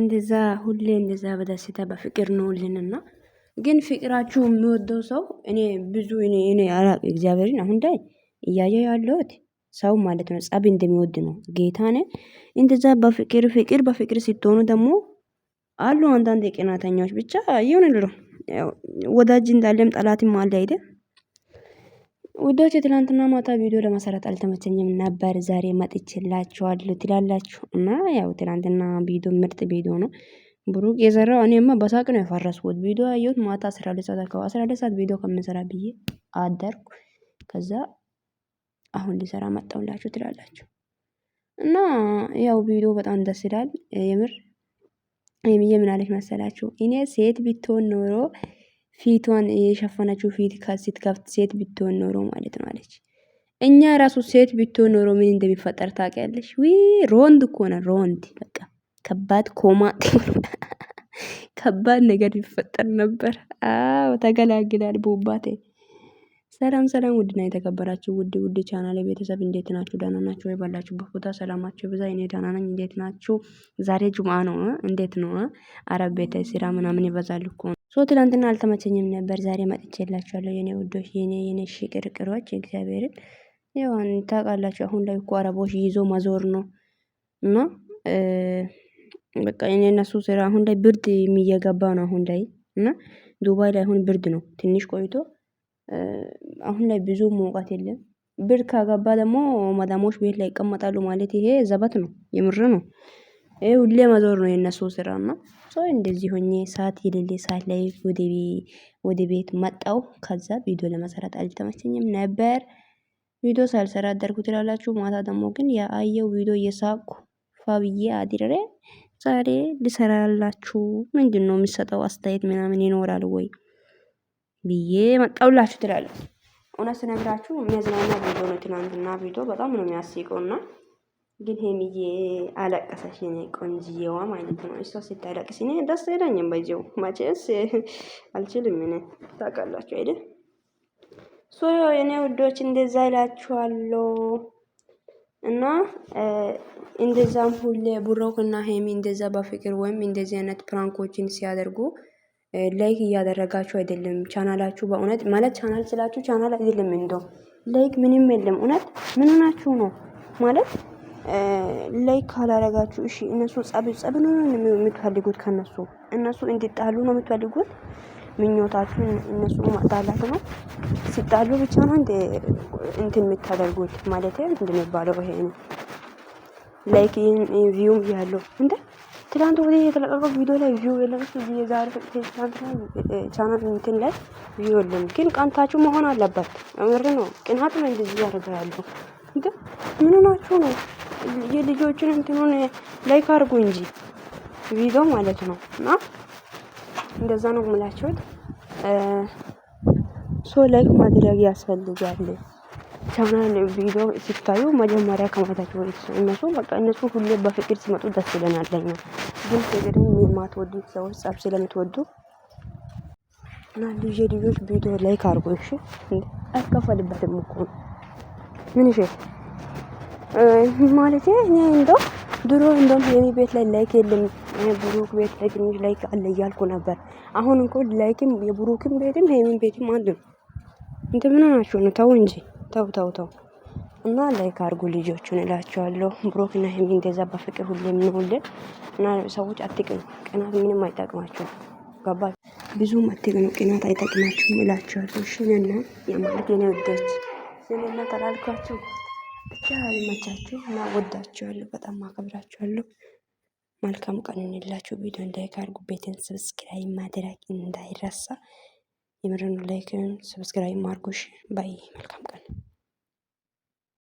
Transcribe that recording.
እንደዛ ሁሌ እንደዛ በደስታ በፍቅር ነው ሁሌንና ግን ፍቅራችሁ የምወደው ሰው እኔ ብዙ እኔ እኔ አላቅም እግዚአብሔርን አሁን ላይ እያየሁ ያለሁት ሰው ማለት ነው ጸብ እንደሚወድ ነው። ጌታን እንደዛ በፍቅር ፍቅር በፍቅር ስትሆኑ ደግሞ አሉ አንዳንድ የቅናተኛዎች ብቻ ይሁን ልሎ ወዳጅ እንዳለም ጠላትም አለ አይደል ውዶች ትናንትና ማታ ቪዲዮ ለመሰረት አልተመቸኝም ነበር። ዛሬ መጥቼላችኋለሁ ትላላችሁ እና ያው ትናንትና ቪዲዮ ምርጥ ቪዲዮ ነው ብሩክ የሰራው። እኔማ በሳቅ ነው የፈረስኩት። ቪዲዮ ያየሁት ማታ አስራ ሁለት ሰዓት አካባቢ አስራ ሁለት ሰዓት ቪዲዮ ከምንሰራ ብዬ አደርኩ። ከዛ አሁን ሊሰራ መጣሁላችሁ ትላላችሁ እና ያው ቪዲዮ በጣም ደስ ይላል። የምር ምን የምናለች መሰላችሁ እኔ ሴት ብትሆን ኖሮ ፊቷን የሸፈነችው ፊት ስትከፍት ሴት ብትሆን ኖሮ ማለት ነው አለች። እኛ ራሱ ሴት ብትሆን ኖሮ ምን እንደሚፈጠር ታውቂያለሽ? ዊ ሮንድ እኮ ነው ሮንድ። በቃ ከባድ ኮማ ከባድ ነገር ቢፈጠር ነበር። አዎ ተገላግላል ቡባቴ። ሰላም ሰላም፣ ውድና የተከበራችሁ ውድ ውድ ቻናል ቤተሰብ እንዴት ናችሁ? ደህና ናችሁ? የበላችሁበት ቦታ ሰላማችሁ ብዛ። እኔ ደህና ነኝ። እንዴት ናችሁ? ዛሬ ጁምአ ነው። እንዴት ነው አረብ ቤተ ስራ ምናምን ይበዛል እኮ ሶ ትላንትና አልተመቸኝም ነበር። ዛሬ መጥቼላችኋለሁ የኔ ውዶች የኔ የኔ ሽቅርቅሮች እግዚአብሔርን ያው ታውቃላችሁ አሁን ላይ እኮ አረቦች ይዞ መዞር ነው። እና በቃ እኔ እነሱ ስራ አሁን ላይ ብርድ የሚየገባ ነው አሁን ላይ እና ዱባይ ላይ አሁን ብርድ ነው። ትንሽ ቆይቶ አሁን ላይ ብዙ ሙቀት የለም። ብርድ ካገባ ደግሞ መዳሞች ቤት ላይ ይቀመጣሉ ማለት ይሄ ዘበት ነው የምር ነው። ይሄ ሁሌ መዞር ነው የነሱ ስራ እና ሶ እንደዚህ ሆኜ ሰዓት የሌለ ሰዓት ላይ ወደ ቤት መጣው። ከዛ ቪዲዮ ለመሰራት አልተመቸኝም ነበር ቪዲዮ ሳልሰራ አደርኩ ትላላችሁ። ማታ ደግሞ ግን የአየው ቪዲዮ እየሳቁ ፋብዬ አድሬ ዛሬ ልሰራላችሁ ምንድን ነው የሚሰጠው አስተያየት ምናምን ይኖራል ወይ ብዬ መጣውላችሁ ትላለች። እውነት ስነግራችሁ የሚያዝናና ቪዲዮ ነው። ትናንትና ቪዲዮ በጣም ነው የሚያስቀውና ግን ሄምዬ አለቀሰሽ፣ እኔ ቆንጅዬዋ ማለት ነው። እሷ ስታለቅስ እኔ ደስ አይለኝም። በዚው ማቼስ አልችልም። እኔ ታውቃላችሁ አይደል? ሶ የኔ ውዶች እንደዛ ይላችኋለሁ። እና እንደዛም ሁሌ ብሩክና ሄሚ እንደዛ በፍቅር ወይም እንደዚህ አይነት ፕራንኮችን ሲያደርጉ ላይክ እያደረጋችሁ አይደለም። ቻናላችሁ በእውነት ማለት ቻናል ስላችሁ ቻናል አይደለም። እንደው ላይክ ምንም የለም። እውነት ምን ሆናችሁ ነው ማለት ላይክ ካላረጋችሁ እሺ፣ እነሱ ጸብ ጸብ ነው የምትፈልጉት፣ ከነሱ እነሱ እንዲጣሉ ነው የምትፈልጉት። ምኞታችሁ እነሱ ማጣላት ነው። ሲጣሉ ብቻ ነው እንደ እንትን የምታደርጉት ማለት ነው። እንደሚባለው ይሄ ነው። ላይክ ቪውም ያለው እንደ ትላንት ወዲህ የተለቀቀ ቪዲዮ ላይ ቪው የለም። የዛሬ ቻናል እንትን ላይ ቪው የለም። ግን ቀንታችሁ መሆን አለበት። ምር ነው ቅናት ነው እንደዚህ ያደርጋሉ። ግን ምን ናችሁ ነው የልጆችን እንትኑን ላይክ አድርጉ እንጂ ቪዲዮ ማለት ነው። እና እንደዛ ነው የምላችሁት። ሶ ላይክ ማድረግ ያስፈልጋል። ቻናል ቪዲዮ ሲታዩ መጀመሪያ ከማታቸው እነሱ በቃ እነሱ ሁሌ በፍቅር ሲመጡ ደስ ይለናል። ለኛ ግን ፍቅርን የማትወዱ ሰዎች ጸብ ስለምትወዱ እና ልጅ ልጆች ቪዲዮ ላይክ አድርጉ እሺ። አይከፈልበትም እኮ ምን እሺ ማለት እኔ እንደው ድሮ እንደውም የኔ ቤት ላይ ላይክ የለም ብሩክ ቤት ላይ ትንሽ ላይክ አለ እያልኩ ነበር። አሁን እንኮ ላይክም የብሩክም ቤትም ሄሚን ቤትም አለ። እንት ምን ናችሁ ነው? ተው እንጂ ተው ተው ተው። እና ላይክ አድርጉ ልጆቹን እላቸዋለሁ። ብሩክ እና ሄሚ እንደዛ በፍቅር ሁሌም ነው ሁሌ እና ሰዎች አትቅኑ። ቅናት ምንም አይጠቅማችሁም። ገባችሁ? ብዙም አትቅኑ። ቅናት አይጠቅማችሁም እላቸዋለሁ። እሺ ነና የማለት የኔ ወደች ስለና ተላልኳችሁ ብቻ ይመቻችሁ እና ወዳችኋለሁ። በጣም አከብራችኋለሁ። መልካም ቀን እንላችሁ። ቪዲዮ እንዳይክ አድርጉ። ቤትን ሰብስክራይብ ማድረግ እንዳይረሳ። የምረኑ ላይክን ሰብስክራይብ አድርጉሽ። ባይ መልካም ቀን